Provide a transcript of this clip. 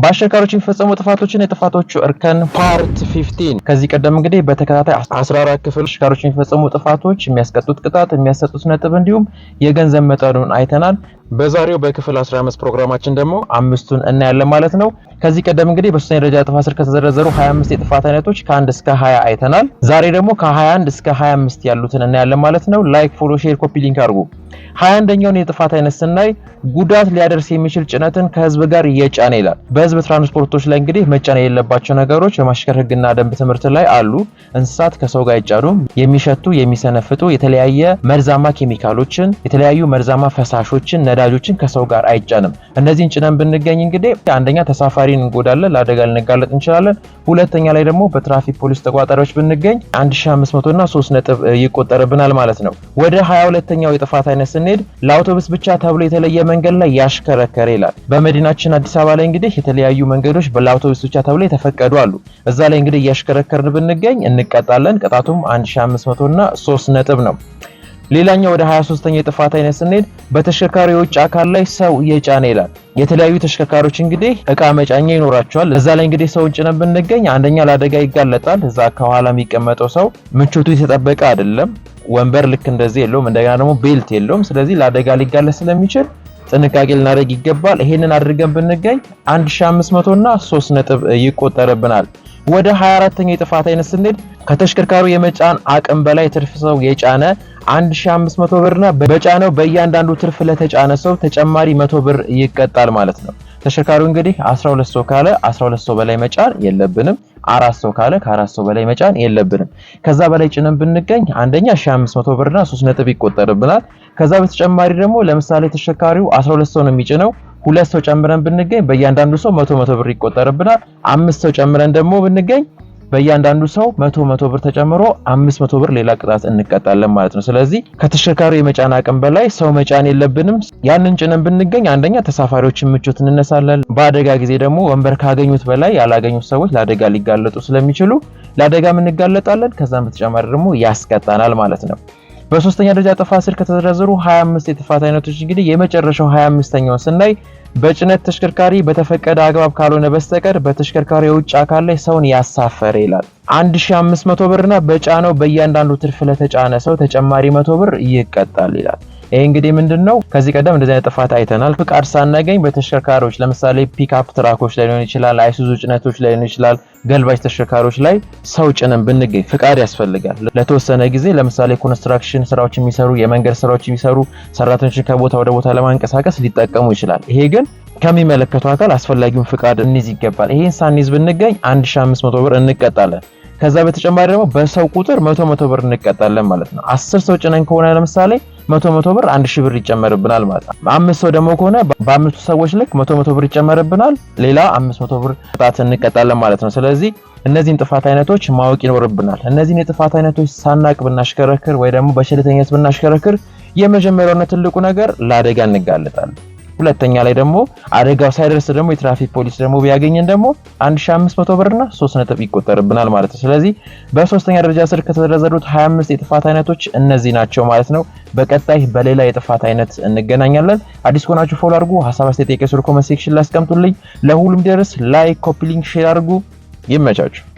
በአሽከርካሪዎች የሚፈጸሙ ጥፋቶችና የጥፋቶቹ እርከን ፓርት 15 ከዚህ ቀደም እንግዲህ በተከታታይ 14 ክፍል አሽከርካሪዎች የሚፈጸሙ ጥፋቶች፣ የሚያስቀጡት ቅጣት፣ የሚያሰጡት ነጥብ እንዲሁም የገንዘብ መጠኑን አይተናል። በዛሬው በክፍል 15 ፕሮግራማችን ደግሞ አምስቱን እናያለን ማለት ነው። ከዚህ ቀደም እንግዲህ በሶስተኛ ደረጃ ጥፋት ስር ከተዘረዘሩ 25 የጥፋት አይነቶች ከ1 እስከ 20 አይተናል። ዛሬ ደግሞ ከ21 እስከ 25 ያሉትን እናያለን ማለት ነው። ላይክ፣ ፎሎ፣ ሼር፣ ኮፒ ሊንክ አድርጉ። 21ኛውን የጥፋት አይነት ስናይ ጉዳት ሊያደርስ የሚችል ጭነትን ከህዝብ ጋር እየጫነ ይላል። በህዝብ ትራንስፖርቶች ላይ እንግዲህ መጫን የሌለባቸው ነገሮች በማሽከር ህግና ደንብ ትምህርት ላይ አሉ። እንስሳት ከሰው ጋር አይጫኑም። የሚሸቱ የሚሰነፍጡ የተለያየ መርዛማ ኬሚካሎችን የተለያዩ መርዛማ ፈሳሾችን ነዳ ነዳጆችን ከሰው ጋር አይጫንም። እነዚህን ጭነን ብንገኝ እንግዲህ አንደኛ ተሳፋሪን እንጎዳለን፣ ለአደጋ ልንጋለጥ እንችላለን። ሁለተኛ ላይ ደግሞ በትራፊክ ፖሊስ ተቋጣሪዎች ብንገኝ 1500 እና 3 ነጥብ ይቆጠርብናል ማለት ነው። ወደ 22ኛው የጥፋት አይነት ስንሄድ ለአውቶቡስ ብቻ ተብሎ የተለየ መንገድ ላይ ያሽከረከረ ይላል። በመዲናችን አዲስ አበባ ላይ እንግዲህ የተለያዩ መንገዶች ለአውቶቡስ ብቻ ተብሎ የተፈቀዱ አሉ። እዛ ላይ እንግዲህ እያሽከረከርን ብንገኝ እንቀጣለን። ቅጣቱም 1500 እና 3 ነጥብ ነው። ሌላኛው ወደ 23ኛ የጥፋት አይነት ስንሄድ በተሽከርካሪ የውጭ አካል ላይ ሰው እየጫነ ይላል። የተለያዩ ተሽከርካሪዎች እንግዲህ እቃ መጫኛ ይኖራቸዋል። እዛ ላይ እንግዲህ ሰው ጭነን ብንገኝ አንደኛ ለአደጋ ይጋለጣል። እዛ ከኋላ የሚቀመጠው ሰው ምቾቱ የተጠበቀ አይደለም። ወንበር ልክ እንደዚህ የለውም። እንደገና ደግሞ ቤልት የለውም። ስለዚህ ለአደጋ ሊጋለጥ ስለሚችል ጥንቃቄ ልናደርግ ይገባል። ይሄንን አድርገን ብንገኝ 1500 እና 3 ነጥብ ይቆጠርብናል። ወደ 24ኛው የጥፋት አይነት ስንሄድ ከተሽከርካሪው የመጫን አቅም በላይ ትርፍ ሰው የጫነ 1500 ብርና በጫነው በእያንዳንዱ ትርፍ ለተጫነ ሰው ተጨማሪ 100 ብር ይቀጣል ማለት ነው። ተሽከርካሪው እንግዲህ 12 ሰው ካለ 12 ሰው በላይ መጫን የለብንም። አራት ሰው ካለ ከአራት ሰው በላይ መጫን የለብንም። ከዛ በላይ ጭነን ብንገኝ አንደኛ 1500 ብርና 3 ነጥብ ይቆጠርብናል። ከዛ በተጨማሪ ደግሞ ለምሳሌ ተሽከርካሪው 12 ሰው ነው የሚጭነው ሁለት ሰው ጨምረን ብንገኝ በእያንዳንዱ ሰው መቶ መቶ ብር ይቆጠርብናል። አምስት ሰው ጨምረን ደግሞ ብንገኝ በእያንዳንዱ ሰው መቶ መቶ ብር ተጨምሮ አምስት መቶ ብር ሌላ ቅጣት እንቀጣለን ማለት ነው። ስለዚህ ከተሽከርካሪው የመጫን አቅም በላይ ሰው መጫን የለብንም። ያንን ጭነን ብንገኝ አንደኛ ተሳፋሪዎችን ምቾት እንነሳለን። በአደጋ ጊዜ ደግሞ ወንበር ካገኙት በላይ ያላገኙት ሰዎች ለአደጋ ሊጋለጡ ስለሚችሉ ለአደጋም እንጋለጣለን። ከዛም በተጨማሪ ደግሞ ያስቀጣናል ማለት ነው። በሶስተኛ ደረጃ ጥፋት ስር ከተዘረዘሩ 25 የጥፋት አይነቶች እንግዲህ የመጨረሻው 25ኛውን ስናይ በጭነት ተሽከርካሪ በተፈቀደ አግባብ ካልሆነ በስተቀር በተሽከርካሪ የውጭ አካል ላይ ሰውን ያሳፈረ ይላል። 1500 ብርና በጫነው በእያንዳንዱ ትርፍ ለተጫነ ሰው ተጨማሪ መቶ ብር ይቀጣል ይላል። ይሄ እንግዲህ ምንድን ነው ከዚህ ቀደም እንደዚህ አይነት ጥፋት አይተናል። ፍቃድ ሳናገኝ በተሽከርካሪዎች ለምሳሌ ፒክአፕ ትራኮች ላይ ሊሆን ይችላል፣ አይሱዙ ጭነቶች ላይ ሊሆን ይችላል፣ ገልባጭ ተሽከርካሪዎች ላይ ሰው ጭነን ብንገኝ ፍቃድ ያስፈልጋል። ለተወሰነ ጊዜ ለምሳሌ ኮንስትራክሽን ስራዎች የሚሰሩ የመንገድ ስራዎች የሚሰሩ ሰራተኞችን ከቦታ ወደ ቦታ ለማንቀሳቀስ ሊጠቀሙ ይችላል። ይሄ ግን ከሚመለከቱ አካል አስፈላጊውን ፍቃድ እንይዝ ይገባል። ይሄን ሳንይዝ ብንገኝ 1500 ብር እንቀጣለን። ከዛ በተጨማሪ ደግሞ በሰው ቁጥር መቶ መቶ ብር እንቀጣለን ማለት ነው። አስር ሰው ጭነን ከሆነ ለምሳሌ መቶ መቶ ብር አንድ ሺህ ብር ይጨመርብናል ማለት ነው። አምስት ሰው ደግሞ ከሆነ በአምስቱ ሰዎች ልክ መቶ መቶ ብር ይጨመርብናል፣ ሌላ አምስት መቶ ብር ቅጣት እንቀጣለን ማለት ነው። ስለዚህ እነዚህን ጥፋት አይነቶች ማወቅ ይኖርብናል። እነዚህን የጥፋት አይነቶች ሳናቅ ብናሽከረክር ወይ ደግሞ በቸልተኝነት ብናሽከረክር የመጀመሪያውና ትልቁ ነገር ለአደጋ እንጋለጣለን። ሁለተኛ ላይ ደግሞ አደጋው ሳይደርስ ደግሞ የትራፊክ ፖሊስ ደግሞ ቢያገኘን ደግሞ 1500 ብርና 3 ነጥብ ይቆጠርብናል ማለት ነው። ስለዚህ በሶስተኛ ደረጃ ስር ከተዘረዘሩት 25 የጥፋት አይነቶች እነዚህ ናቸው ማለት ነው። በቀጣይ በሌላ የጥፋት አይነት እንገናኛለን። አዲስ ከሆናችሁ ፎሎ አድርጉ። ሀሳብ አስተያየት፣ ጥያቄ ስር ኮመንት ሴክሽን ላስቀምጡልኝ። ለሁሉም ደረስ ላይክ፣ ኮፒ ሊንክ፣ ሼር አድርጉ። ይመቻችሁ።